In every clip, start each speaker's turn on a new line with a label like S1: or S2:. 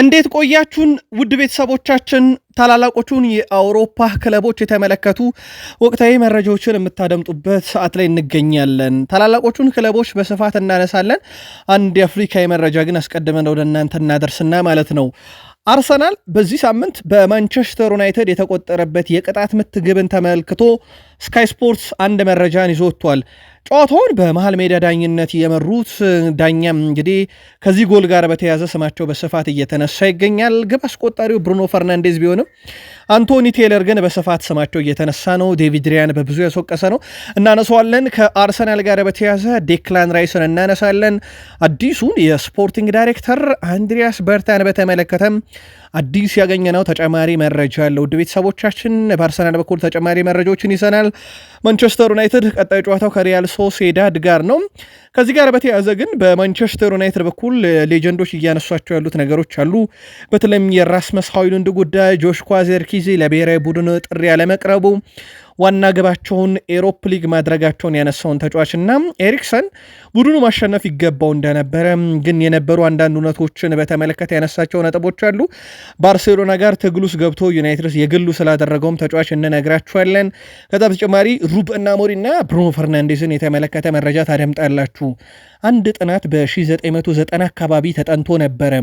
S1: እንዴት ቆያችሁን ውድ ቤተሰቦቻችን። ታላላቆቹን የአውሮፓ ክለቦች የተመለከቱ ወቅታዊ መረጃዎችን የምታደምጡበት ሰዓት ላይ እንገኛለን። ታላላቆቹን ክለቦች በስፋት እናነሳለን። አንድ የአፍሪካ የመረጃ ግን አስቀድመን ወደ እናንተ እናደርስና ማለት ነው አርሰናል በዚህ ሳምንት በማንቸስተር ዩናይትድ የተቆጠረበት የቅጣት ምት ግብን ተመልክቶ ስካይ ስፖርትስ አንድ መረጃን ይዞ ወጥቷል። ጨዋታውን በመሃል ሜዳ ዳኝነት የመሩት ዳኛም እንግዲህ ከዚህ ጎል ጋር በተያያዘ ስማቸው በስፋት እየተነሳ ይገኛል። ግብ አስቆጣሪው ብሩኖ ፈርናንዴዝ ቢሆንም አንቶኒ ቴለር ግን በስፋት ስማቸው እየተነሳ ነው። ዴቪድ ሪያን በብዙ ያስወቀሰ ነው፣ እናነሳዋለን። ከአርሰናል ጋር በተያዘ ዴክላን ራይስን እናነሳለን። አዲሱን የስፖርቲንግ ዳይሬክተር አንድሪያስ በርታን በተመለከተም አዲስ ያገኘነው ተጨማሪ መረጃ አለ። ውድ ቤተሰቦቻችን በአርሰናል በኩል ተጨማሪ መረጃዎችን ይዘናል። ማንቸስተር ዩናይትድ ቀጣይ ጨዋታው ከሪያል ሶሴዳድ ጋር ነው። ከዚህ ጋር በተያያዘ ግን በማንቸስተር ዩናይትድ በኩል ሌጀንዶች እያነሷቸው ያሉት ነገሮች አሉ። በተለይም የራስመስ ሆይሉንድ ጉዳይ፣ ጆሽኳ ዜርኪዜ ለብሔራዊ ቡድን ጥሪ ያለመቅረቡ ዋና ግባቸውን ኤሮፕ ሊግ ማድረጋቸውን ያነሳውን ተጫዋችና ኤሪክሰን ቡድኑ ማሸነፍ ይገባው እንደነበረ ግን የነበሩ አንዳንድ እውነቶችን በተመለከተ ያነሳቸው ነጥቦች አሉ። ባርሴሎና ጋር ትግል ውስጥ ገብቶ ዩናይትድስ የግሉ ስላደረገውም ተጫዋች እንነግራችኋለን። ከዛ በተጨማሪ ሩበን አሞሪምና ብሩኖ ፈርናንዴዝን የተመለከተ መረጃ ታደምጣላችሁ። አንድ ጥናት በ1990 አካባቢ ተጠንቶ ነበረ።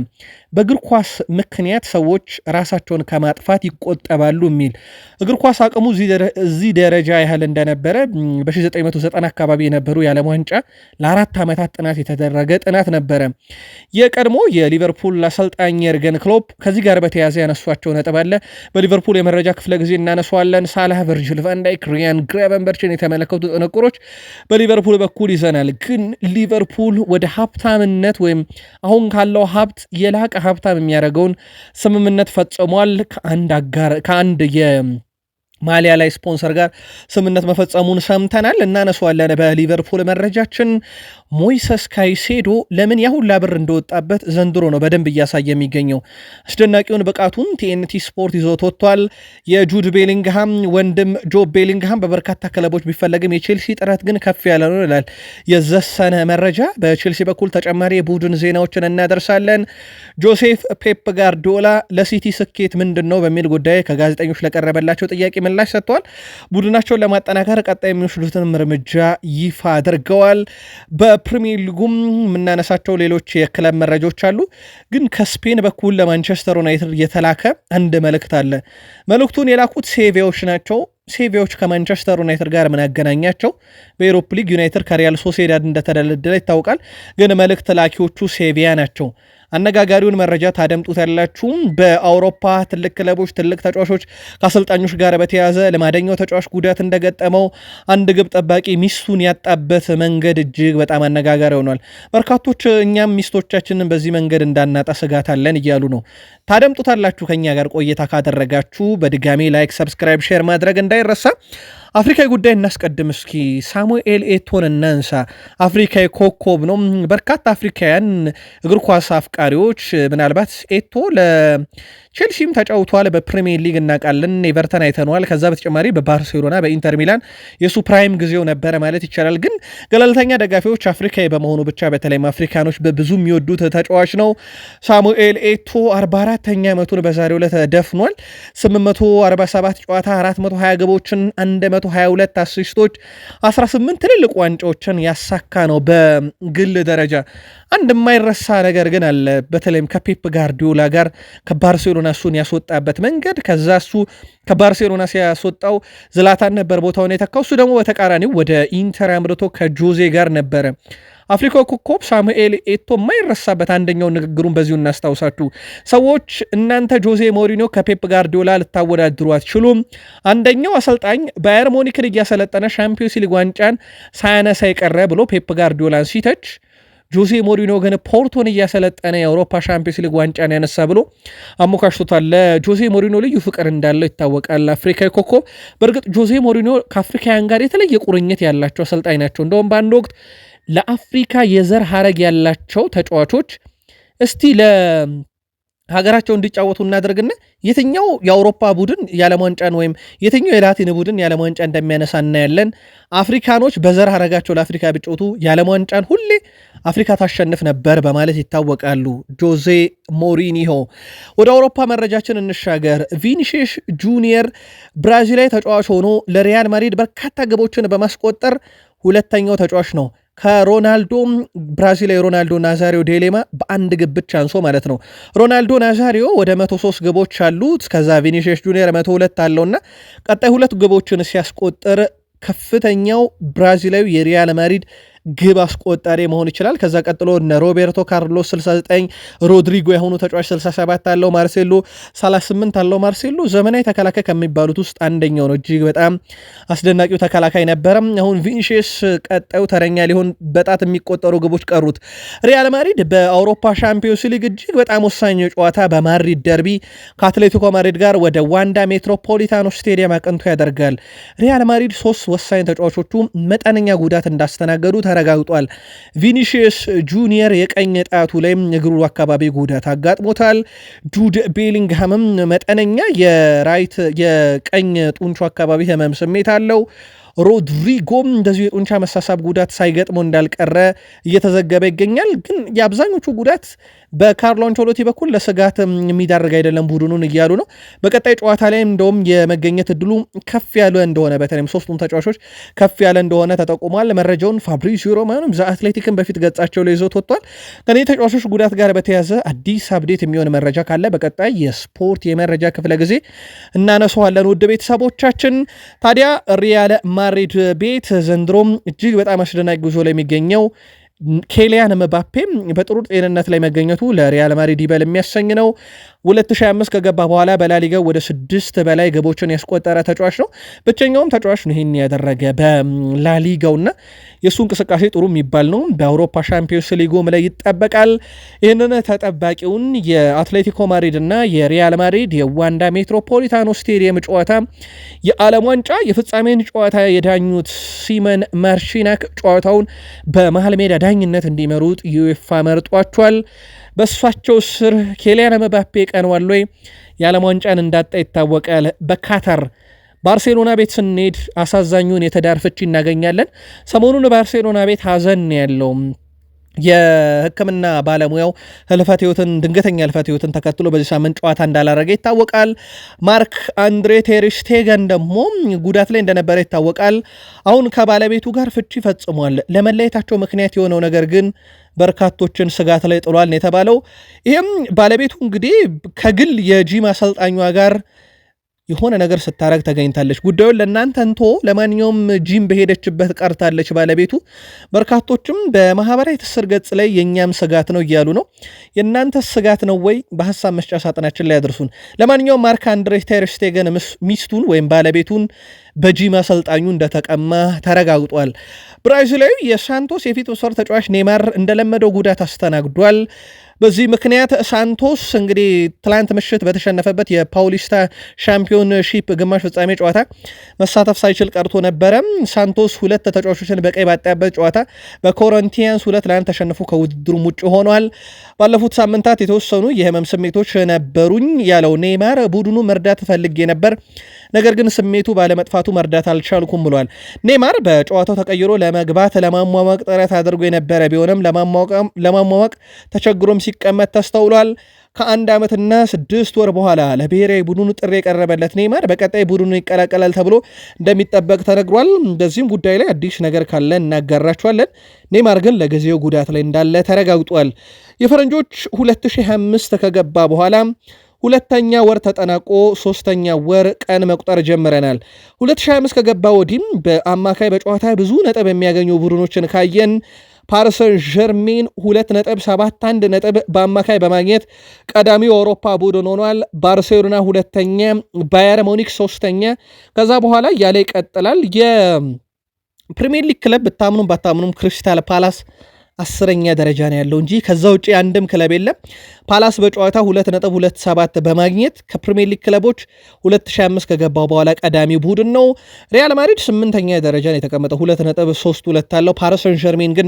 S1: በእግር ኳስ ምክንያት ሰዎች ራሳቸውን ከማጥፋት ይቆጠባሉ የሚል እግር ኳስ አቅሙ እዚህ ደረጃ ያህል እንደነበረ በ1990 አካባቢ የነበሩ የዓለም ዋንጫ ለአራት ዓመታት ጥናት የተደረገ ጥናት ነበረ። የቀድሞ የሊቨርፑል አሰልጣኝ የርገን ክሎፕ ከዚህ ጋር በተያያዘ ያነሷቸው ነጥብ አለ። በሊቨርፑል የመረጃ ክፍለ ጊዜ እናነሷለን። ሳላህ፣ ቨርጅል ቫንዳይክ፣ ሪያን ግራቨንበርችን የተመለከቱ ጥንቁሮች በሊቨርፑል በኩል ይዘናል። ግን ሊቨርፑል ሊቨርፑል ወደ ሀብታምነት ወይም አሁን ካለው ሀብት የላቀ ሀብታም የሚያደርገውን ስምምነት ፈጽሟል ከአንድ ማሊያ ላይ ስፖንሰር ጋር ስምነት መፈጸሙን ሰምተናል። እናነሷለን በሊቨርፑል መረጃችን። ሞይሰስ ካይሴዶ ለምን ያሁላ ብር እንደወጣበት ዘንድሮ ነው በደንብ እያሳየ የሚገኘው። አስደናቂውን ብቃቱን ቲኤንቲ ስፖርት ይዞት ወጥቷል። የጁድ ቤሊንግሃም ወንድም ጆብ ቤሊንግሃም በበርካታ ክለቦች ቢፈለግም የቼልሲ ጥረት ግን ከፍ ያለ ነው ይላል የዘሰነ መረጃ። በቼልሲ በኩል ተጨማሪ የቡድን ዜናዎችን እናደርሳለን። ጆሴፍ ፔፕ ጋርዲዮላ ለሲቲ ስኬት ምንድን ነው በሚል ጉዳይ ከጋዜጠኞች ለቀረበላቸው ጥያቄ ምላሽ ሰጥተዋል። ቡድናቸውን ለማጠናከር ቀጣይ የሚወስዱትንም እርምጃ ይፋ አድርገዋል። በፕሪሚየር ሊጉም የምናነሳቸው ሌሎች የክለብ መረጃዎች አሉ። ግን ከስፔን በኩል ለማንቸስተር ዩናይትድ የተላከ አንድ መልእክት አለ። መልእክቱን የላኩት ሴቪያዎች ናቸው። ሴቪያዎች ከማንቸስተር ዩናይትድ ጋር ምን ያገናኛቸው? በኤሮፕ ሊግ ዩናይትድ ከሪያል ሶሴዳድ እንደተደለደለ ይታወቃል። ግን መልእክት ላኪዎቹ ሴቪያ ናቸው። አነጋጋሪውን መረጃ ታደምጡታላችሁ። በአውሮፓ ትልቅ ክለቦች ትልቅ ተጫዋቾች ከአሰልጣኞች ጋር በተያያዘ ልማደኛው ተጫዋች ጉዳት እንደገጠመው አንድ ግብ ጠባቂ ሚስቱን ያጣበት መንገድ እጅግ በጣም አነጋጋሪ ሆኗል። በርካቶች እኛም ሚስቶቻችንን በዚህ መንገድ እንዳናጣ ስጋት አለን እያሉ ነው። ታደምጡታላችሁ ከኛ ጋር ቆይታ ካደረጋችሁ በድጋሚ ላይክ፣ ሰብስክራይብ፣ ሼር ማድረግ እንዳይረሳ። አፍሪካዊ ጉዳይ እናስቀድም እስኪ። ሳሙኤል ኤቶን እናንሳ። አፍሪካዊ ኮከብ ነው። በርካታ አፍሪካውያን እግር ኳስ አፍቃሪዎች ምናልባት ኤቶ ቼልሲም ተጫውቷል። በፕሪሚየር ሊግ እናውቃለን። ኤቨርተን አይተነዋል። ከዛ በተጨማሪ በባርሴሎና በኢንተር ሚላን የሱ ፕራይም ጊዜው ነበረ ማለት ይቻላል። ግን ገለልተኛ ደጋፊዎች አፍሪካዊ በመሆኑ ብቻ በተለይም አፍሪካኖች በብዙ የሚወዱት ተጫዋች ነው። ሳሙኤል ኤቶ 44ተኛ ዓመቱን በዛሬው ዕለት ደፍኗል። 847 ጨዋታ 420 ግቦችን፣ 122 አሲስቶች፣ 18 ትልልቅ ዋንጫዎችን ያሳካ ነው በግል ደረጃ አንድ የማይረሳ ነገር ግን አለ። በተለይም ከፔፕ ጋርዲዮላ ጋር ከባርሴሎና እሱን ያስወጣበት መንገድ ከዛ እሱ ከባርሴሎና ሲያስወጣው ዝላታን ነበር ቦታውን የተካው። እሱ ደግሞ በተቃራኒው ወደ ኢንተር አምርቶ ከጆዜ ጋር ነበረ። አፍሪካ ኮከብ ሳሙኤል ኤቶ የማይረሳበት አንደኛው ንግግሩን በዚሁ እናስታውሳችሁ። ሰዎች እናንተ ጆዜ ሞሪኒዮ ከፔፕ ጋርዲዮላ ልታወዳድሩ አትችሉም። አንደኛው አሰልጣኝ ባየር ሞኒክን እያሰለጠነ ሻምፒዮንስ ሊግ ዋንጫን ሳያነሳ የቀረ ብሎ ፔፕ ጋርዲዮላን ሲተች ጆሴ ሞሪኖ ግን ፖርቶን እያሰለጠነ የአውሮፓ ሻምፒዮንስ ሊግ ዋንጫን ያነሳ ብሎ አሞካሽቶታል። ለጆሴ ሞሪኖ ልዩ ፍቅር እንዳለው ይታወቃል አፍሪካዊ ኮከብ። በእርግጥ ጆሴ ሞሪኖ ከአፍሪካውያን ጋር የተለየ ቁርኝት ያላቸው አሰልጣኝ ናቸው። እንደውም በአንድ ወቅት ለአፍሪካ የዘር ሀረግ ያላቸው ተጫዋቾች እስቲ ሀገራቸው እንዲጫወቱ እናደርግና የትኛው የአውሮፓ ቡድን የዓለም ዋንጫን ወይም የትኛው የላቲን ቡድን የዓለም ዋንጫ እንደሚያነሳ እናያለን። አፍሪካኖች በዘር አረጋቸው ለአፍሪካ ቢጫወቱ የዓለም ዋንጫን ሁሌ አፍሪካ ታሸንፍ ነበር በማለት ይታወቃሉ ጆዜ ሞሪኒሆ። ወደ አውሮፓ መረጃችን እንሻገር። ቪኒሽሽ ጁኒየር ብራዚላዊ ተጫዋች ሆኖ ለሪያል ማድሪድ በርካታ ግቦችን በማስቆጠር ሁለተኛው ተጫዋች ነው። ከሮናልዶ ብራዚላዊ ሮናልዶ ናዛሪዮ ዴሌማ በአንድ ግብ ብቻ አንሶ ማለት ነው። ሮናልዶ ናዛሪዮ ወደ 103 ግቦች አሉት። ከዛ ቪኒሺየስ ጁኒየር 102 አለውና ቀጣይ ሁለት ግቦችን ሲያስቆጥር ከፍተኛው ብራዚላዊ የሪያል ማድሪድ ግብ አስቆጣሪ መሆን ይችላል። ከዛ ቀጥሎ እነ ሮቤርቶ ካርሎስ 69፣ ሮድሪጎ የሆኑ ተጫዋች 67 አለው ማርሴሎ 38 አለው ማርሴሎ ዘመናዊ ተከላካይ ከሚባሉት ውስጥ አንደኛው ነው። እጅግ በጣም አስደናቂው ተከላካይ ነበረም። አሁን ቪንሽስ ቀጣዩ ተረኛ ሊሆን በጣት የሚቆጠሩ ግቦች ቀሩት። ሪያል ማድሪድ በአውሮፓ ሻምፒዮንስ ሊግ እጅግ በጣም ወሳኝ ጨዋታ በማድሪድ ደርቢ ከአትሌቲኮ ማድሪድ ጋር ወደ ዋንዳ ሜትሮፖሊታኖ ስቴዲየም አቅንቶ ያደርጋል። ሪያል ማድሪድ ሶስት ወሳኝ ተጫዋቾቹ መጠነኛ ጉዳት እንዳስተናገዱት ተረጋግጧል። ቪኒሽስ ጁኒየር የቀኝ ጣቱ ላይ እግሩ አካባቢ ጉዳት አጋጥሞታል። ጁድ ቤሊንግሃምም መጠነኛ የራይት የቀኝ ጡንቹ አካባቢ ህመም ስሜት አለው። ሮድሪጎም እንደዚሁ የጡንቻ መሳሳብ ጉዳት ሳይገጥሞ እንዳልቀረ እየተዘገበ ይገኛል። ግን የአብዛኞቹ ጉዳት በካርሎ አንቸሎቲ በኩል ለስጋት የሚዳርግ አይደለም ቡድኑን እያሉ ነው። በቀጣይ ጨዋታ ላይ እንደውም የመገኘት እድሉ ከፍ ያለ እንደሆነ በተለይም ሶስቱም ተጫዋቾች ከፍ ያለ እንደሆነ ተጠቁሟል። መረጃውን ፋብሪዚዮ ሮማኖም አትሌቲክን በፊት ገጻቸው ላይ ይዞት ወጥቷል። ከዚህ ተጫዋቾች ጉዳት ጋር በተያዘ አዲስ አብዴት የሚሆን መረጃ ካለ በቀጣይ የስፖርት የመረጃ ክፍለ ጊዜ እናነሰዋለን። ውድ ቤተሰቦቻችን ታዲያ ሪያል ማድሪድ ቤት ዘንድሮም እጅግ በጣም አስደናቂ ጉዞ ላይ የሚገኘው ኬሊያን መባፔ በጥሩ ጤንነት ላይ መገኘቱ ለሪያል ማድሪድ ይበል የሚያሰኝ ነው። 2025 ከገባ በኋላ በላሊጋው ወደ ስድስት በላይ ግቦችን ያስቆጠረ ተጫዋች ነው። ብቸኛውም ተጫዋች ነው ይህን ያደረገ በላሊጋውና የእሱ እንቅስቃሴ ጥሩ የሚባል ነው። በአውሮፓ ሻምፒዮንስ ሊጉም ላይ ይጠበቃል። ይህንን ተጠባቂውን የአትሌቲኮ ማድሪድ እና የሪያል ማድሪድ የዋንዳ ሜትሮፖሊታኖ ስቴዲየም ጨዋታ የዓለም ዋንጫ የፍጻሜን ጨዋታ የዳኙት ሲመን ማርሺናክ ጨዋታውን በመሀል ሜዳ በዳኝነት እንዲመሩት ዩኤፋ መርጧቸዋል። በእሳቸው ስር ኬሊያን መባፔ ቀንዋል ወይ የዓለም ዋንጫን እንዳጣ ይታወቃል። በካታር ባርሴሎና ቤት ስንሄድ አሳዛኙን የትዳር ፍቺ እናገኛለን። ሰሞኑን ባርሴሎና ቤት ሀዘን ያለው የሕክምና ባለሙያው ህልፈት ህይወትን ድንገተኛ ህልፈት ህይወትን ተከትሎ በዚህ ሳምንት ጨዋታ እንዳላረገ ይታወቃል። ማርክ አንድሬ ቴርሽቴገን ደግሞ ጉዳት ላይ እንደነበረ ይታወቃል። አሁን ከባለቤቱ ጋር ፍቺ ፈጽሟል። ለመለየታቸው ምክንያት የሆነው ነገር ግን በርካቶችን ስጋት ላይ ጥሏል ነው የተባለው። ይህም ባለቤቱ እንግዲህ ከግል የጂም አሰልጣኟ ጋር የሆነ ነገር ስታረግ ተገኝታለች። ጉዳዩን ለእናንተ እንቶ ለማንኛውም ጂም በሄደችበት ቀርታለች ባለቤቱ። በርካቶችም በማህበራዊ ትስስር ገጽ ላይ የእኛም ስጋት ነው እያሉ ነው። የእናንተ ስጋት ነው ወይ? በሀሳብ መስጫ ሳጥናችን ላይ አድርሱን ለማንኛውም ማርክ አንድሬ ተር ስቴገን ሚስቱን ወይም ባለቤቱን በጂም አሰልጣኙ እንደተቀማ ተረጋግጧል። ብራዚላዊ የሳንቶስ የፊት መስመር ተጫዋች ኔይማር እንደለመደው ጉዳት አስተናግዷል። በዚህ ምክንያት ሳንቶስ እንግዲህ ትላንት ምሽት በተሸነፈበት የፓውሊስታ ሻምፒዮንሺፕ ግማሽ ፍጻሜ ጨዋታ መሳተፍ ሳይችል ቀርቶ ነበረ። ሳንቶስ ሁለት ተጫዋቾችን በቀይ ባጣያበት ጨዋታ በኮረንቲያንስ ሁለት ለአንድ ተሸንፎ ከውድድሩም ውጭ ሆኗል። ባለፉት ሳምንታት የተወሰኑ የህመም ስሜቶች ነበሩኝ ያለው ኔይማር ቡድኑ መርዳት ፈልጌ ነበር ነገር ግን ስሜቱ ባለመጥፋቱ መርዳት አልቻልኩም ብሏል። ኔይማር በጨዋታው ተቀይሮ ለመግባት ለማሟሟቅ ጥረት አድርጎ የነበረ ቢሆንም ለማሟሟቅ ተቸግሮም ሲቀመጥ ተስተውሏል። ከአንድ ዓመትና ስድስት ወር በኋላ ለብሔራዊ ቡድኑ ጥሪ የቀረበለት ኔይማር በቀጣይ ቡድኑ ይቀላቀላል ተብሎ እንደሚጠበቅ ተነግሯል። በዚህም ጉዳይ ላይ አዲስ ነገር ካለ እናጋራችኋለን። ኔይማር ግን ለጊዜው ጉዳት ላይ እንዳለ ተረጋግጧል። የፈረንጆች 2025 ከገባ በኋላ ሁለተኛ ወር ተጠናቆ ሶስተኛ ወር ቀን መቁጠር ጀምረናል። 2025 ከገባ ወዲህም በአማካይ በጨዋታ ብዙ ነጥብ የሚያገኙ ቡድኖችን ካየን ፓርሰን ጀርሜን ሁለት ነጥብ ሰባት አንድ ነጥብ በአማካይ በማግኘት ቀዳሚው የአውሮፓ ቡድን ሆኗል። ባርሴሎና ሁለተኛ፣ ባየር ሞኒክ ሶስተኛ። ከዛ በኋላ እያለ ይቀጥላል። የፕሪሚየር ሊግ ክለብ ብታምኑም ባታምኑም ክሪስታል ፓላስ አስረኛ ደረጃ ነው ያለው እንጂ ከዛ ውጭ አንድም ክለብ የለም። ፓላስ በጨዋታ 2.27 በማግኘት ከፕሪሚየር ሊግ ክለቦች 205 ከገባው በኋላ ቀዳሚ ቡድን ነው። ሪያል ማድሪድ ስምንተኛ ደረጃ ነው የተቀመጠው 2.32 አለው። ፓሪስ ጀርሜን ግን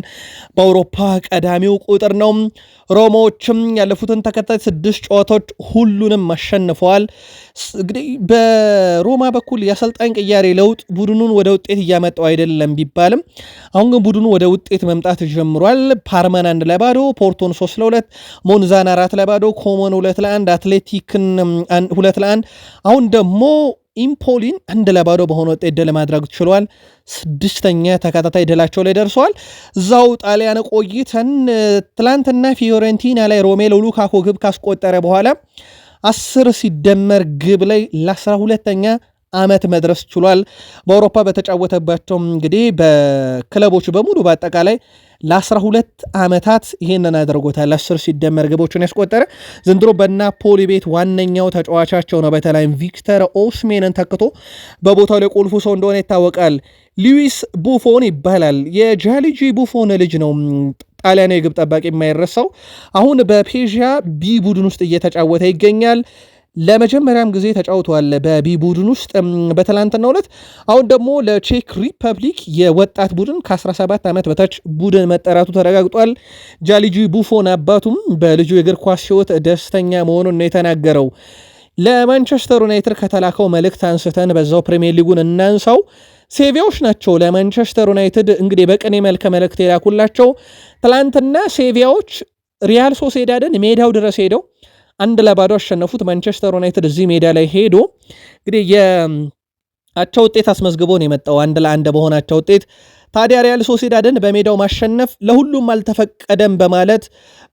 S1: በአውሮፓ ቀዳሚው ቁጥር ነው። ሮማዎችም ያለፉትን ተከታይ ስድስት ጨዋታዎች ሁሉንም አሸንፈዋል። እንግዲህ በሮማ በኩል የአሰልጣኝ ቅያሬ ለውጥ ቡድኑን ወደ ውጤት እያመጣው አይደለም ቢባልም አሁን ግን ቡድኑ ወደ ውጤት መምጣት ጀምሯል። አሸንፏል። ፓርማን አንድ ለባዶ፣ ፖርቶን ሶስት ለሁለት፣ ሞንዛን አራት ለባዶ፣ ኮሞን ሁለት ለአንድ፣ አትሌቲክን ሁለት ለአንድ አሁን ደግሞ ኢምፖሊን አንድ ለባዶ በሆነ ውጤት ድል ማድረግ ችሏል። ስድስተኛ ተከታታይ ድላቸው ላይ ደርሰዋል። እዛው ጣሊያን ቆይተን ትላንትና ፊዮረንቲና ላይ ሮሜሎ ሉካኮ ግብ ካስቆጠረ በኋላ አስር ሲደመር ግብ ላይ ለአስራ ሁለተኛ ዓመት መድረስ ችሏል። በአውሮፓ በተጫወተባቸውም እንግዲህ በክለቦች በሙሉ በአጠቃላይ ለ12 ዓመታት ይህንን አድርጎታል። አስር ሲደመር ግቦችን ያስቆጠረ ዘንድሮ በናፖሊ ቤት ዋነኛው ተጫዋቻቸው ነው። በተለይም ቪክተር ኦስሜንን ተክቶ በቦታው ላይ ቁልፉ ሰው እንደሆነ ይታወቃል። ሉዊስ ቡፎን ይባላል። የጃሊጂ ቡፎን ልጅ ነው። ጣሊያናዊ የግብ ጠባቂ የማይረሳው አሁን በፔዥያ ቢ ቡድን ውስጥ እየተጫወተ ይገኛል። ለመጀመሪያም ጊዜ ተጫውተዋል በቢ ቡድን ውስጥ በትላንትናው ዕለት። አሁን ደግሞ ለቼክ ሪፐብሊክ የወጣት ቡድን ከ17 ዓመት በታች ቡድን መጠራቱ ተረጋግጧል። ጃሊጂ ቡፎን አባቱም በልጁ የእግር ኳስ ሕይወት ደስተኛ መሆኑን ነው የተናገረው። ለማንቸስተር ዩናይትድ ከተላከው መልእክት አንስተን በዛው ፕሪሚየር ሊጉን እናንሳው። ሴቪያዎች ናቸው ለማንቸስተር ዩናይትድ እንግዲህ በቅኔ መልከ መልእክት የላኩላቸው። ትላንትና ሴቪያዎች ሪያል ሶሴዳድን ሜዳው ድረስ ሄደው አንድ ለባዶ አሸነፉት። ማንቸስተር ዩናይትድ እዚህ ሜዳ ላይ ሄዶ እንግዲህ የአቻ ውጤት አስመዝግቦ ነው የመጣው አንድ ለአንድ በሆነ ውጤት። ታዲያ ሪያል ሶሴዳድን በሜዳው ማሸነፍ ለሁሉም አልተፈቀደም በማለት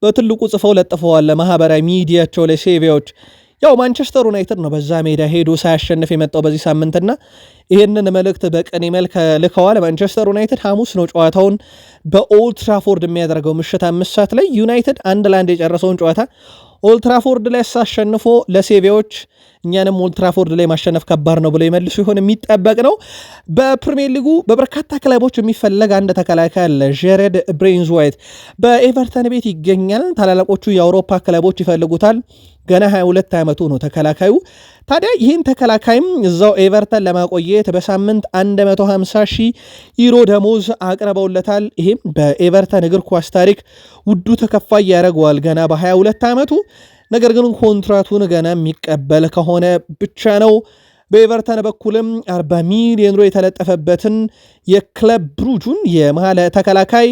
S1: በትልቁ ጽፈው ለጥፈዋል ለማህበራዊ ሚዲያቸው ላይ ሴቪያዎች። ያው ማንቸስተር ዩናይትድ ነው በዛ ሜዳ ሄዶ ሳያሸንፍ የመጣው በዚህ ሳምንትና ይህንን መልእክት በቅኔ መልክ ልከዋል። ማንቸስተር ዩናይትድ ሐሙስ ነው ጨዋታውን በኦልድ ትራፎርድ የሚያደርገው ምሽት አምስት ሰዓት ላይ ዩናይትድ አንድ ለአንድ የጨረሰውን ጨዋታ ኦልትራፎርድ ላይ ሳሸንፎ ለሴቪያዎች እኛንም ኦልትራፎርድ ላይ ማሸነፍ ከባድ ነው ብሎ ይመልሱ ይሆን የሚጠበቅ ነው። በፕሪሚየር ሊጉ በበርካታ ክለቦች የሚፈለግ አንድ ተከላካይ አለ። ጀሬድ ብሬንዝ ዋይት በኤቨርተን ቤት ይገኛል። ታላላቆቹ የአውሮፓ ክለቦች ይፈልጉታል። ገና 22 ዓመቱ ነው ተከላካዩ። ታዲያ ይህን ተከላካይም እዛው ኤቨርተን ለማቆየት በሳምንት 150 ሺህ ዩሮ ደሞዝ አቅርበውለታል። ይህም በኤቨርተን እግር ኳስ ታሪክ ውዱ ተከፋይ ያደረገዋል። ገና በ22 ዓመቱ ነገር ግን ኮንትራቱን ገና የሚቀበል ከሆነ ብቻ ነው። በኤቨርተን በኩልም 40 ሚሊዮን ዩሮ የተለጠፈበትን የክለብ ብሩጁን የመሀል ተከላካይ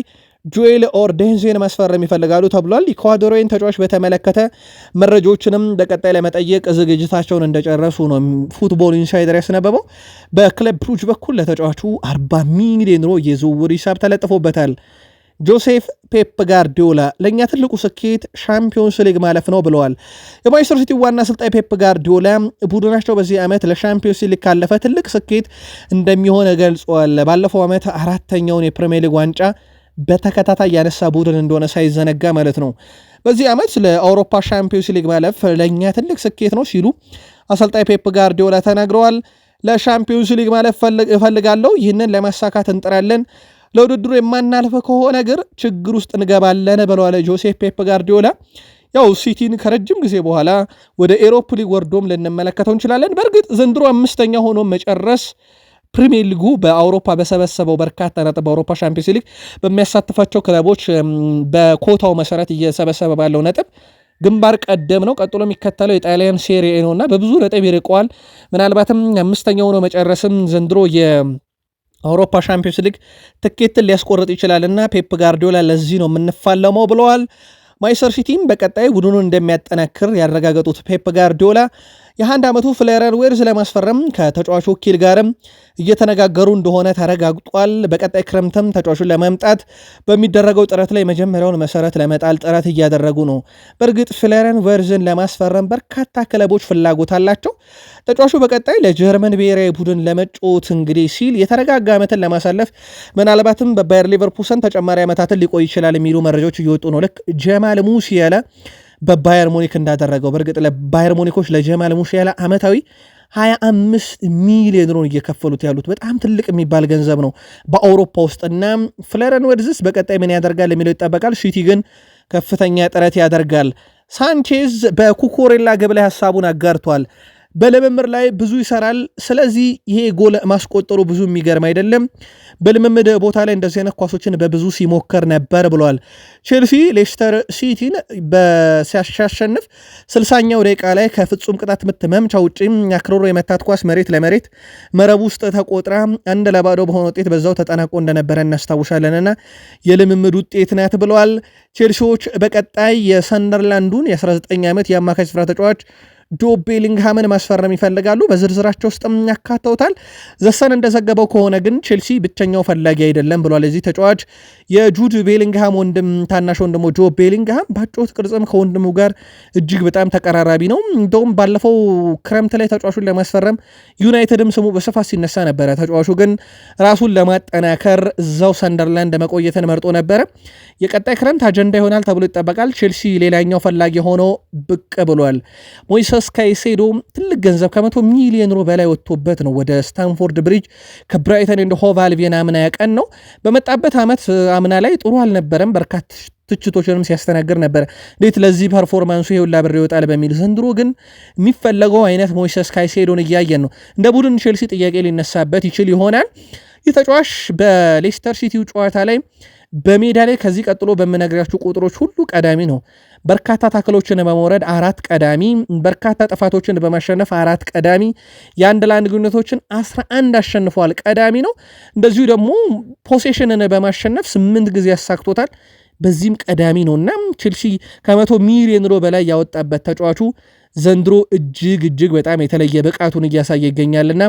S1: ጆኤል ኦርዴንዜን ማስፈረም ይፈልጋሉ ተብሏል። ኢኳዶሮን ተጫዋች በተመለከተ መረጃዎችንም በቀጣይ ለመጠየቅ ዝግጅታቸውን እንደጨረሱ ነው ፉትቦል ኢንሳይደር ያስነበበው። በክለብ ብሩጅ በኩል ለተጫዋቹ 40 ሚሊዮን ዩሮ የዝውውር ሂሳብ ተለጥፎበታል። ጆሴፍ ፔፕ ጋርዲዮላ ለእኛ ትልቁ ስኬት ሻምፒዮንስ ሊግ ማለፍ ነው ብለዋል። የማንቸስተር ሲቲ ዋና አሰልጣኝ ፔፕ ጋርዲዮላ ቡድናቸው በዚህ ዓመት ለሻምፒዮንስ ሊግ ካለፈ ትልቅ ስኬት እንደሚሆን ገልጿል። ባለፈው ዓመት አራተኛውን የፕሪሚየር ሊግ ዋንጫ በተከታታይ ያነሳ ቡድን እንደሆነ ሳይዘነጋ ማለት ነው። በዚህ ዓመት ለአውሮፓ ሻምፒዮንስ ሊግ ማለፍ ለእኛ ትልቅ ስኬት ነው ሲሉ አሰልጣኝ ፔፕ ጋርዲዮላ ተናግረዋል። ለሻምፒዮንስ ሊግ ማለፍ እፈልጋለሁ። ይህንን ለማሳካት እንጥራለን። ለውድድሩ የማናልፈ ከሆነ ግን ችግር ውስጥ እንገባለን ብለዋል ጆሴፍ ፔፕ ጋርዲዮላ። ያው ሲቲን ከረጅም ጊዜ በኋላ ወደ ኤሮፕ ሊግ ወርዶም ልንመለከተው እንችላለን። በእርግጥ ዘንድሮ አምስተኛ ሆኖ መጨረስ ፕሪሚየር ሊጉ በአውሮፓ በሰበሰበው በርካታ ነጥብ በአውሮፓ ሻምፒዮንስ ሊግ በሚያሳትፋቸው ክለቦች በኮታው መሰረት እየሰበሰበ ባለው ነጥብ ግንባር ቀደም ነው። ቀጥሎ የሚከተለው የጣሊያን ሴሪኤ ነው እና በብዙ ነጥብ ይርቀዋል። ምናልባትም አምስተኛ ሆኖ መጨረስም ዘንድሮ አውሮፓ ሻምፒዮንስ ሊግ ትኬትን ሊያስቆርጥ ይችላልና ፔፕ ጋርዲዮላ ለዚህ ነው የምንፋለመው ብለዋል። ማይሰር ሲቲም በቀጣይ ቡድኑን እንደሚያጠናክር ያረጋገጡት ፔፕ ጋርዲዮላ የአንድ ዓመቱ ፍሌረር ዌርዝ ለማስፈረም ከተጫዋቹ ወኪል ጋርም እየተነጋገሩ እንደሆነ ተረጋግጧል። በቀጣይ ክረምትም ተጫዋቹን ለማምጣት በሚደረገው ጥረት ላይ መጀመሪያውን መሰረት ለመጣል ጥረት እያደረጉ ነው። በእርግጥ ፍሌረን ዌርዝን ለማስፈረም በርካታ ክለቦች ፍላጎት አላቸው። ተጫዋቹ በቀጣይ ለጀርመን ብሔራዊ ቡድን ለመጫወት እንግዲህ ሲል የተረጋጋ ዓመትን ለማሳለፍ ምናልባትም በባየር ሊቨርፑሰን ተጨማሪ ዓመታትን ሊቆይ ይችላል የሚሉ መረጃዎች እየወጡ ነው። ልክ ጀማል ሙሲያላ በባየር ሙኒክ እንዳደረገው በእርግጥ ለባየር ሙኒኮች ለጀማል ሙሲያላ ዓመታዊ 25 ሚሊዮን ሮን እየከፈሉት ያሉት በጣም ትልቅ የሚባል ገንዘብ ነው በአውሮፓ ውስጥ እና ፍለረን ወድዝስ በቀጣይ ምን ያደርጋል የሚለው ይጠበቃል። ሲቲ ግን ከፍተኛ ጥረት ያደርጋል። ሳንቼዝ በኩኮሬላ ግብ ላይ ሀሳቡን አጋርቷል። በልምምድ ላይ ብዙ ይሰራል። ስለዚህ ይሄ ጎል ማስቆጠሩ ብዙ የሚገርም አይደለም። በልምምድ ቦታ ላይ እንደዚህ አይነት ኳሶችን በብዙ ሲሞከር ነበር ብሏል። ቼልሲ ሌስተር ሲቲን ሲያሸንፍ ስልሳኛው ደቂቃ ላይ ከፍጹም ቅጣት ምት መምቻ ውጪ አክሮሮ የመታት ኳስ መሬት ለመሬት መረብ ውስጥ ተቆጥራ አንድ ለባዶ በሆነ ውጤት በዛው ተጠናቆ እንደነበረ እናስታውሻለንና የልምምድ ውጤት ናት ብለዋል። ቼልሲዎች በቀጣይ የሰንደርላንዱን የ19 ዓመት የአማካኝ ስፍራ ተጫዋች ዶ ቤሊንግሃምን ማስፈረም ይፈልጋሉ። በዝርዝራቸው ውስጥም ያካተውታል። ዘሰን እንደዘገበው ከሆነ ግን ቼልሲ ብቸኛው ፈላጊ አይደለም ብሏል። የዚህ ተጫዋች የጁድ ቤሊንግሃም ወንድም ታናሽ ወንድሞ ጆ ቤሊንግሃም በጮት ቅርጽም ከወንድሙ ጋር እጅግ በጣም ተቀራራቢ ነው። እንደውም ባለፈው ክረምት ላይ ተጫዋቹን ለማስፈረም ዩናይትድም ስሙ በስፋት ሲነሳ ነበረ። ተጫዋቹ ግን ራሱን ለማጠናከር እዛው ሰንደርላንድ መቆየትን መርጦ ነበረ። የቀጣይ ክረምት አጀንዳ ይሆናል ተብሎ ይጠበቃል። ቼልሲ ሌላኛው ፈላጊ ሆኖ ብቅ ብሏል። ሞይሰስ ካይሴዶ ትልቅ ገንዘብ ከመቶ ሚሊዮን ሮ በላይ ወጥቶበት ነው ወደ ስታንፎርድ ብሪጅ ከብራይተን እንደ ሆቭ አልቢዮን አምና ያቀን ነው። በመጣበት ዓመት አምና ላይ ጥሩ አልነበረም። በርካት ትችቶችንም ሲያስተናግድ ነበር። እንዴት ለዚህ ፐርፎርማንሱ ይሄ ብር ይወጣል በሚል ዘንድሮ ግን የሚፈለገው አይነት ሞይሰስ ካይሴዶን እያየን ነው። እንደ ቡድን ቼልሲ ጥያቄ ሊነሳበት ይችል ይሆናል። ይህ ተጫዋች በሌስተር ሲቲው ጨዋታ ላይ በሜዳ ላይ ከዚህ ቀጥሎ በምነግራችሁ ቁጥሮች ሁሉ ቀዳሚ ነው። በርካታ ታክሎችን በመውረድ አራት ቀዳሚ፣ በርካታ ጥፋቶችን በማሸነፍ አራት ቀዳሚ፣ የአንድ ለአንድ ግንኙነቶችን 11 አሸንፏል። ቀዳሚ ነው። እንደዚሁ ደግሞ ፖሴሽንን በማሸነፍ ስምንት ጊዜ ያሳክቶታል። በዚህም ቀዳሚ ነው እና ቼልሲ ከመቶ ሚሊዮን ሮ በላይ ያወጣበት ተጫዋቹ ዘንድሮ እጅግ እጅግ በጣም የተለየ ብቃቱን እያሳየ ይገኛልና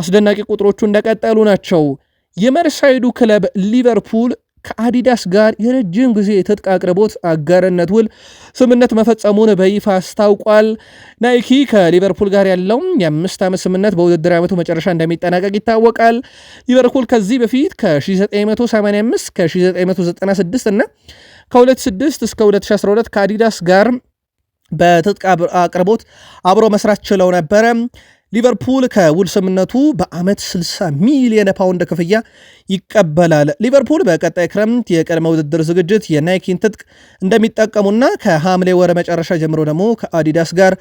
S1: አስደናቂ ቁጥሮቹ እንደቀጠሉ ናቸው። የመርሳይዱ ክለብ ሊቨርፑል ከአዲዳስ ጋር የረጅም ጊዜ የትጥቅ አቅርቦት አጋርነት ውል ስምነት መፈጸሙን በይፋ አስታውቋል። ናይኪ ከሊቨርፑል ጋር ያለው የአምስት ዓመት ስምነት በውድድር ዓመቱ መጨረሻ እንደሚጠናቀቅ ይታወቃል። ሊቨርፑል ከዚህ በፊት ከ1985 ከ1996 እና ከ2006 እስከ 2012 ከአዲዳስ ጋር በትጥቅ አቅርቦት አብሮ መስራት ችለው ነበረ። ሊቨርፑል ከውል ስምነቱ በዓመት 60 ሚሊየን ፓውንድ ክፍያ ይቀበላል። ሊቨርፑል በቀጣይ ክረምት የቅድመ ውድድር ዝግጅት የናይኪን ትጥቅ እንደሚጠቀሙና ከሐምሌ ወር መጨረሻ ጀምሮ ደግሞ ከአዲዳስ ጋር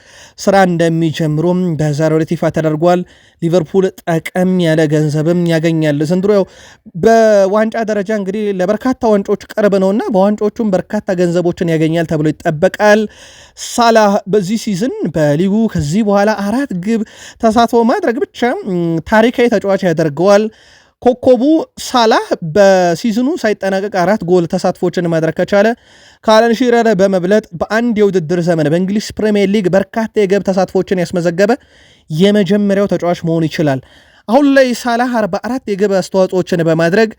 S1: ስራ እንደሚጀምሩም በዛሬው ዕለት ይፋ ተደርጓል። ሊቨርፑል ጠቀም ያለ ገንዘብም ያገኛል። ዘንድሮ ያው በዋንጫ ደረጃ እንግዲህ ለበርካታ ዋንጮች ቅርብ ነውና በዋንጮቹም በርካታ ገንዘቦችን ያገኛል ተብሎ ይጠበቃል። ሳላህ በዚህ ሲዝን በሊጉ ከዚህ በኋላ አራት ግብ ተሳትፎ ማድረግ ብቻ ታሪካዊ ተጫዋች ያደርገዋል። ኮከቡ ሳላህ በሲዝኑ ሳይጠናቀቅ አራት ጎል ተሳትፎችን ማድረግ ከቻለ ከአለን ሺረር በመብለጥ በአንድ የውድድር ዘመን በእንግሊዝ ፕሪምየር ሊግ በርካታ የግብ ተሳትፎችን ያስመዘገበ የመጀመሪያው ተጫዋች መሆን ይችላል። አሁን ላይ ሳላህ 44 የግብ አስተዋጽኦችን በማድረግ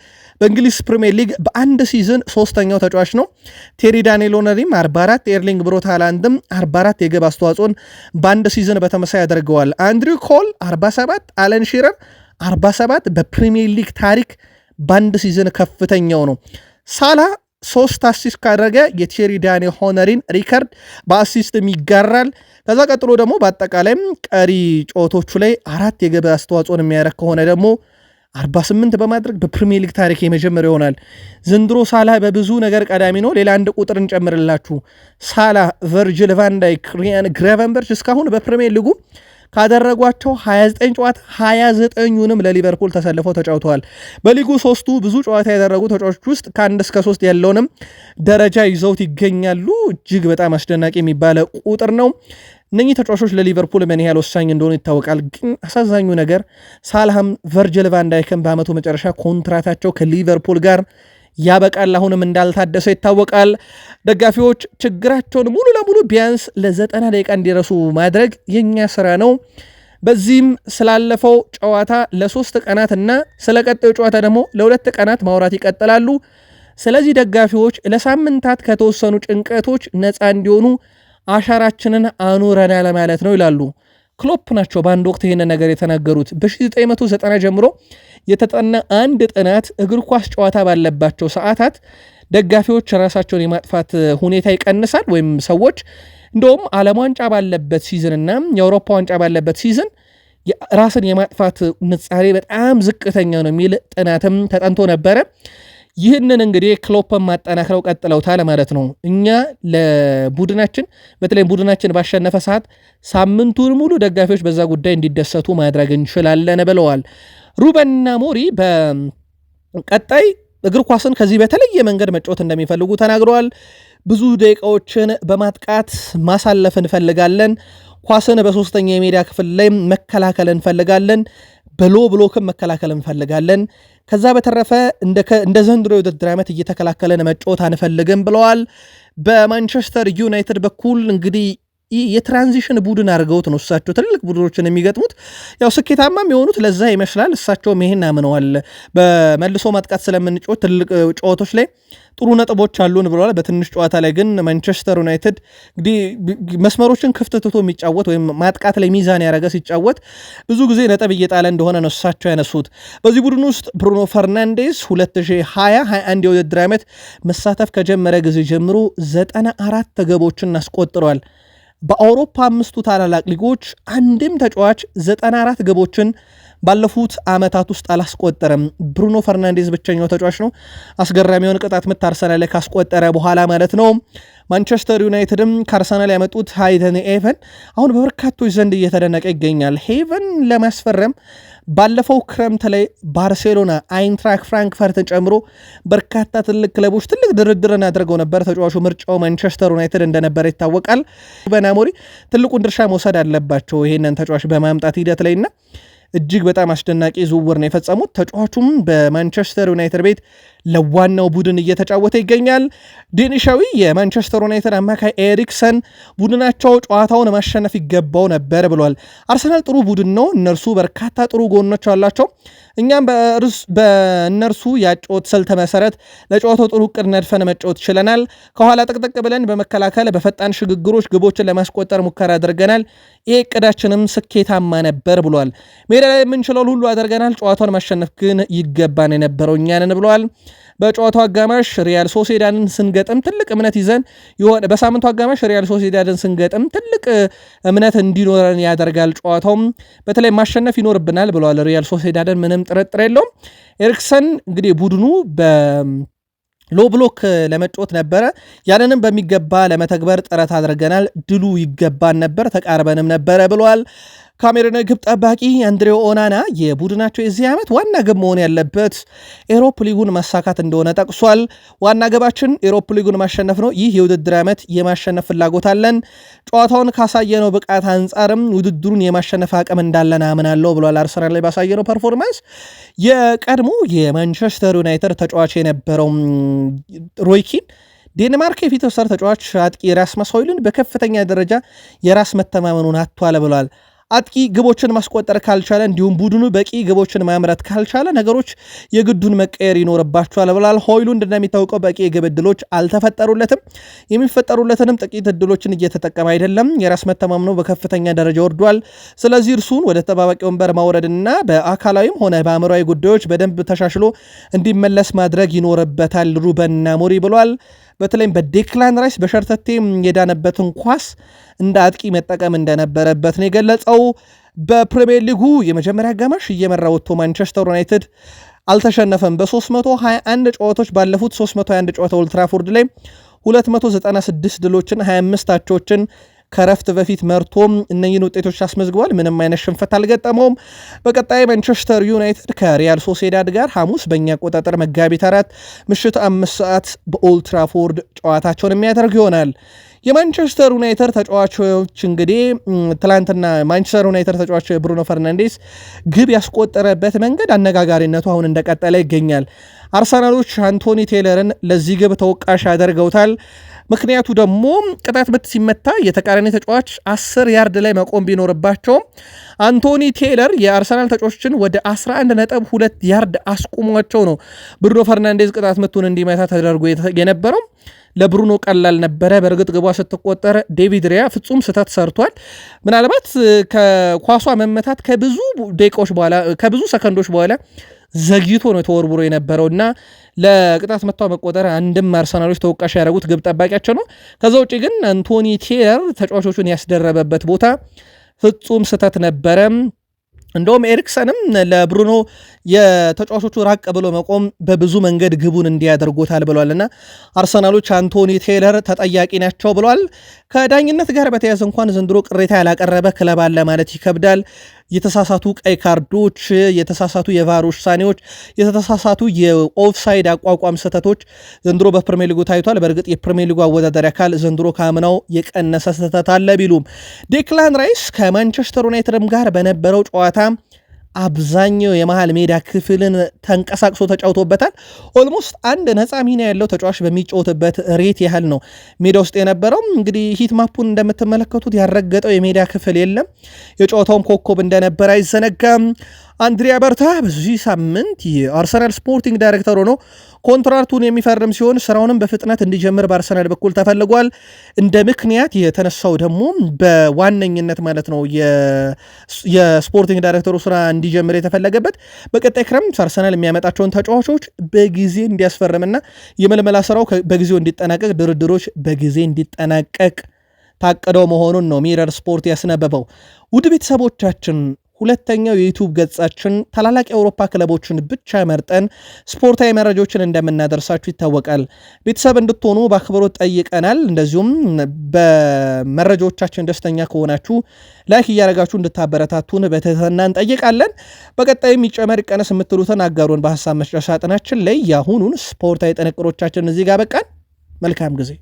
S1: በእንግሊዝ ፕሪምየር ሊግ በአንድ ሲዝን ሶስተኛው ተጫዋች ነው። ቴሪ ዳንኤል ኖነሪም 44፣ ኤርሊንግ ብሮት ሃላንድም 44 የግብ አስተዋጽኦን በአንድ ሲዝን በተመሳይ ያደርገዋል። አንድሪው ኮል 47፣ አለን ሺረር 47 በፕሪምየር ሊግ ታሪክ በአንድ ሲዝን ከፍተኛው ነው። ሳላ ሶስት አሲስት ካደረገ የቴሪ ዳኔ ሆነሪን ሪከርድ በአሲስትም ይጋራል። ከዛ ቀጥሎ ደግሞ በአጠቃላይም ቀሪ ጨዋታዎቹ ላይ አራት የገበ አስተዋጽኦን የሚያደርግ ከሆነ ደግሞ 48 በማድረግ በፕሪሚየር ሊግ ታሪክ የመጀመሪያ ይሆናል። ዘንድሮ ሳላ በብዙ ነገር ቀዳሚ ነው። ሌላ አንድ ቁጥር እንጨምርላችሁ። ሳላ፣ ቨርጅል ቫንዳይክ፣ ሪያን ግራቨንበርች እስካሁን በፕሪሚየር ሊጉ ካደረጓቸው 29 ጨዋታ 29ኙንም ለሊቨርፑል ተሰልፈው ተጫውተዋል። በሊጉ ሶስቱ ብዙ ጨዋታ ያደረጉ ተጫዋቾች ውስጥ ከአንድ እስከ ሶስት ያለውንም ደረጃ ይዘውት ይገኛሉ። እጅግ በጣም አስደናቂ የሚባለ ቁጥር ነው። እነኚህ ተጫዋቾች ለሊቨርፑል ምን ያህል ወሳኝ እንደሆኑ ይታወቃል። ግን አሳዛኙ ነገር ሳልሃም ቨርጅል ቫንዳይከን በዓመቱ መጨረሻ ኮንትራታቸው ከሊቨርፑል ጋር ያበቃል አሁንም እንዳልታደሰ ይታወቃል። ደጋፊዎች ችግራቸውን ሙሉ ለሙሉ ቢያንስ ለዘጠና ደቂቃ እንዲረሱ ማድረግ የእኛ ስራ ነው። በዚህም ስላለፈው ጨዋታ ለሶስት ቀናት እና ስለ ቀጣዩ ጨዋታ ደግሞ ለሁለት ቀናት ማውራት ይቀጥላሉ። ስለዚህ ደጋፊዎች ለሳምንታት ከተወሰኑ ጭንቀቶች ነፃ እንዲሆኑ አሻራችንን አኑረናል ማለት ነው ይላሉ። ክሎፕ ናቸው በአንድ ወቅት ይህን ነገር የተናገሩት። በ1990 ጀምሮ የተጠና አንድ ጥናት እግር ኳስ ጨዋታ ባለባቸው ሰዓታት ደጋፊዎች ራሳቸውን የማጥፋት ሁኔታ ይቀንሳል ወይም ሰዎች እንደውም ዓለም ዋንጫ ባለበት ሲዝን የአውሮፓ ዋንጫ ባለበት ሲዝን ራስን የማጥፋት ምጻሬ በጣም ዝቅተኛ ነው የሚል ጥናትም ተጠንቶ ነበረ። ይህንን እንግዲህ ክሎፕን ማጠናክረው ቀጥለውታል ማለት ነው። እኛ ለቡድናችን በተለይም ቡድናችን ባሸነፈ ሰዓት ሳምንቱን ሙሉ ደጋፊዎች በዛ ጉዳይ እንዲደሰቱ ማድረግ እንችላለን ብለዋል። ሩበን አሞሪ በቀጣይ እግር ኳስን ከዚህ በተለየ መንገድ መጫወት እንደሚፈልጉ ተናግረዋል። ብዙ ደቂቃዎችን በማጥቃት ማሳለፍ እንፈልጋለን። ኳስን በሶስተኛ የሜዳ ክፍል ላይ መከላከል እንፈልጋለን። በሎ ብሎክም መከላከል እንፈልጋለን። ከዛ በተረፈ እንደ ዘንድሮ የውድድር ዓመት እየተከላከለን መጫወት አንፈልግም ብለዋል። በማንቸስተር ዩናይትድ በኩል እንግዲህ የትራንዚሽን ቡድን አድርገውት ነው እሳቸው ትልልቅ ቡድኖችን የሚገጥሙት። ያው ስኬታማም የሆኑት ለዛ ይመስላል። እሳቸውም ይሄን አምነዋል። በመልሶ ማጥቃት ስለምንጫወት ትልቅ ጨዋታዎች ላይ ጥሩ ነጥቦች አሉን ብለዋል። በትንሽ ጨዋታ ላይ ግን ማንቸስተር ዩናይትድ እንግዲህ መስመሮችን ክፍት ትቶ የሚጫወት ወይም ማጥቃት ላይ ሚዛን ያደረገ ሲጫወት ብዙ ጊዜ ነጥብ እየጣለ እንደሆነ ነው እሳቸው ያነሱት። በዚህ ቡድን ውስጥ ብሩኖ ፈርናንዴስ 2021 የውድድር ዓመት መሳተፍ ከጀመረ ጊዜ ጀምሮ 94 ተገቦችን አስቆጥሯል። በአውሮፓ አምስቱ ታላላቅ ሊጎች አንድም ተጫዋች 94 ግቦችን ባለፉት ዓመታት ውስጥ አላስቆጠረም። ብሩኖ ፈርናንዴዝ ብቸኛው ተጫዋች ነው። አስገራሚውን ቅጣት ምት አርሰናል ካስቆጠረ በኋላ ማለት ነው። ማንቸስተር ዩናይትድም ከአርሰናል ያመጡት ሃይደን ኤቨን አሁን በበርካቶች ዘንድ እየተደነቀ ይገኛል። ሄቨን ለማስፈረም ባለፈው ክረምት ላይ ባርሴሎና አይንትራክ ፍራንክፈርትን ጨምሮ በርካታ ትልቅ ክለቦች ትልቅ ድርድርን አድርገው ነበር። ተጫዋቹ ምርጫው ማንቸስተር ዩናይትድ እንደነበረ ይታወቃል። ሩበን አሞሪም ትልቁን ድርሻ መውሰድ አለባቸው ይሄንን ተጫዋች በማምጣት ሂደት ላይና እጅግ በጣም አስደናቂ ዝውውር ነው የፈጸሙት። ተጫዋቹም በማንቸስተር ዩናይትድ ቤት ለዋናው ቡድን እየተጫወተ ይገኛል። ዴኒሻዊ የማንቸስተር ዩናይትድ አማካይ ኤሪክሰን ቡድናቸው ጨዋታውን ማሸነፍ ይገባው ነበር ብሏል። አርሰናል ጥሩ ቡድን ነው። እነርሱ በርካታ ጥሩ ጎኖች አላቸው። እኛም በእነርሱ ያጨወት ስልት መሰረት ለጨዋታው ጥሩ እቅድ ነድፈን መጫወት ችለናል። ከኋላ ጥቅጥቅ ብለን በመከላከል በፈጣን ሽግግሮች ግቦችን ለማስቆጠር ሙከራ አድርገናል። ይህ እቅዳችንም ስኬታማ ነበር ብሏል። ሜዳ ላይ የምንችለውን ሁሉ አድርገናል። ጨዋታውን ማሸነፍ ግን ይገባን የነበረው እኛንን ብለዋል። በጨዋታው አጋማሽ ሪያል ሶሴዳድን ስንገጥም ትልቅ እምነት ይዘን የሆነ በሳምንቱ አጋማሽ ሪያል ሶሴዳድን ስንገጥም ትልቅ እምነት እንዲኖረን ያደርጋል። ጨዋታውም በተለይ ማሸነፍ ይኖርብናል ብለዋል ሪያል ሶሴዳድን። ምንም ጥርጥር የለውም። ኤሪክሰን እንግዲህ ቡድኑ በ ሎ ብሎክ ለመጫወት ነበረ። ያንንም በሚገባ ለመተግበር ጥረት አድርገናል። ድሉ ይገባን ነበር፣ ተቃርበንም ነበረ ብሏል። ካሜሩን ግብ ጠባቂ አንድሬ ኦናና የቡድናቸው የዚህ ዓመት ዋና ግብ መሆን ያለበት ኤሮፕ ሊጉን ማሳካት እንደሆነ ጠቅሷል። ዋና ግባችን ኤሮፕ ሊጉን ማሸነፍ ነው። ይህ የውድድር ዓመት የማሸነፍ ፍላጎት አለን። ጨዋታውን ካሳየነው ብቃት አንጻርም ውድድሩን የማሸነፍ አቅም እንዳለን አምናለሁ ብሏል። አርሰናል ላይ ባሳየነው ፐርፎርማንስ የቀድሞ የማንቸስተር ዩናይትድ ተጫዋች የነበረው ሮይኪን ዴንማርክ የፊት ተጫዋች አጥቂ ራስመስ ሆይሉንድ በከፍተኛ ደረጃ የራስ መተማመኑን አጥቷል ብለዋል። አጥቂ ግቦችን ማስቆጠር ካልቻለ እንዲሁም ቡድኑ በቂ ግቦችን ማምረት ካልቻለ ነገሮች የግዱን መቀየር ይኖርባቸዋል ብላል። ሆይሉንድ እንደሚታወቀው በቂ የግብ እድሎች አልተፈጠሩለትም። የሚፈጠሩለትንም ጥቂት እድሎችን እየተጠቀመ አይደለም። የራስ መተማመኑ በከፍተኛ ደረጃ ወርዷል። ስለዚህ እርሱን ወደ ተጠባባቂ ወንበር ማውረድና በአካላዊም ሆነ በአእምሯዊ ጉዳዮች በደንብ ተሻሽሎ እንዲመለስ ማድረግ ይኖርበታል ሩበን አሞሪም ብሏል። በተለይም በዴክላን ራይስ በሸርተቴ የዳነበትን ኳስ እንደ አጥቂ መጠቀም እንደነበረበት ነው የገለጸው። በፕሪምየር ሊጉ የመጀመሪያ አጋማሽ እየመራ ወጥቶ ማንቸስተር ዩናይትድ አልተሸነፈም። በ321 ጨዋታዎች ባለፉት 321 ጨዋታ ኦልትራፎርድ ላይ 296 ድሎችን 25 አቻዎችን ከረፍት በፊት መርቶም እነኝን ውጤቶች አስመዝግቧል። ምንም አይነት ሽንፈት አልገጠመውም። በቀጣይ ማንቸስተር ዩናይትድ ከሪያል ሶሴዳድ ጋር ሐሙስ በእኛ አቆጣጠር መጋቢት አራት ምሽት አምስት ሰዓት በኦልትራፎርድ ጨዋታቸውን የሚያደርግ ይሆናል። የማንቸስተር ዩናይተድ ተጫዋቾች እንግዲህ ትላንትና ማንቸስተር ዩናይተድ ተጫዋች ብሩኖ ፈርናንዴስ ግብ ያስቆጠረበት መንገድ አነጋጋሪነቱ አሁን እንደቀጠለ ይገኛል። አርሰናሎች አንቶኒ ቴለርን ለዚህ ግብ ተወቃሽ ያደርገውታል። ምክንያቱ ደግሞ ቅጣት ምት ሲመታ የተቃራኒ ተጫዋች አስር ያርድ ላይ መቆም ቢኖርባቸውም አንቶኒ ቴለር የአርሰናል ተጫዋቾችን ወደ 11 ነጥብ ሁለት ያርድ አስቁሟቸው ነው ብሩኖ ፈርናንዴዝ ቅጣት ምቱን እንዲመታ ተደርጎ የነበረው ለብሩኖ ቀላል ነበረ። በእርግጥ ግቧ ስትቆጠር ዴቪድ ሪያ ፍጹም ስህተት ሰርቷል። ምናልባት ከኳሷ መመታት ከብዙ ደቂቃዎች በኋላ ከብዙ ሰከንዶች በኋላ ዘግይቶ ነው ተወርብሮ የነበረው እና ለቅጣት መቷ መቆጠር አንድም አርሰናሎች ተወቃሽ ያደረጉት ግብ ጠባቂያቸው ነው። ከዛ ውጭ ግን አንቶኒ ቴለር ተጫዋቾቹን ያስደረበበት ቦታ ፍጹም ስህተት ነበረ። እንደውም ኤሪክሰንም ለብሩኖ የተጫዋቾቹ ራቅ ብሎ መቆም በብዙ መንገድ ግቡን እንዲያደርጎታል ብሏል እና አርሰናሎች አንቶኒ ቴይለር ተጠያቂ ናቸው ብሏል። ከዳኝነት ጋር በተያያዘ እንኳን ዘንድሮ ቅሬታ ያላቀረበ ክለብ አለ ማለት ይከብዳል። የተሳሳቱ ቀይ ካርዶች፣ የተሳሳቱ የቫር ውሳኔዎች፣ የተሳሳቱ የኦፍሳይድ አቋቋም ስህተቶች ዘንድሮ በፕሪሜር ሊጉ ታይቷል። በእርግጥ የፕሪሜር ሊጉ አወዳዳሪ አካል ዘንድሮ ከአምናው የቀነሰ ስህተት አለ ቢሉም ዴክላን ራይስ ከማንቸስተር ዩናይትድም ጋር በነበረው ጨዋታ አብዛኛው የመሃል ሜዳ ክፍልን ተንቀሳቅሶ ተጫውቶበታል። ኦልሞስት አንድ ነፃ ሚና ያለው ተጫዋች በሚጫወትበት ሬት ያህል ነው ሜዳ ውስጥ የነበረው። እንግዲህ ሂት ማፑን እንደምትመለከቱት ያረገጠው የሜዳ ክፍል የለም። የጨዋታውም ኮከብ እንደነበረ አይዘነጋም። አንድሪያ በርታ በዚህ ሳምንት የአርሰናል ስፖርቲንግ ዳይሬክተር ሆኖ ኮንትራክቱን የሚፈርም ሲሆን ስራውንም በፍጥነት እንዲጀምር በአርሰናል በኩል ተፈልጓል። እንደ ምክንያት የተነሳው ደግሞ በዋነኝነት ማለት ነው የስፖርቲንግ ዳይሬክተሩ ስራ እንዲጀምር የተፈለገበት በቀጣይ ክረምት አርሰናል የሚያመጣቸውን ተጫዋቾች በጊዜ እንዲያስፈርምና የመልመላ ስራው በጊዜው እንዲጠናቀቅ፣ ድርድሮች በጊዜ እንዲጠናቀቅ ታቅደው መሆኑን ነው ሚረር ስፖርት ያስነበበው። ውድ ቤተሰቦቻችን ሁለተኛው የዩቱብ ገጻችን ታላላቅ የአውሮፓ ክለቦችን ብቻ መርጠን ስፖርታዊ መረጃዎችን እንደምናደርሳችሁ ይታወቃል። ቤተሰብ እንድትሆኑ በአክብሮት ጠይቀናል። እንደዚሁም በመረጃዎቻችን ደስተኛ ከሆናችሁ ላይክ እያደረጋችሁ እንድታበረታቱን በትህትና እንጠይቃለን። በቀጣይ ይጨመር ቀነስ የምትሉትን አጋሩን በሀሳብ መስጫ ሳጥናችን ላይ የአሁኑን ስፖርታዊ ጥንቅሮቻችን እዚህ ጋር በቃን። መልካም ጊዜ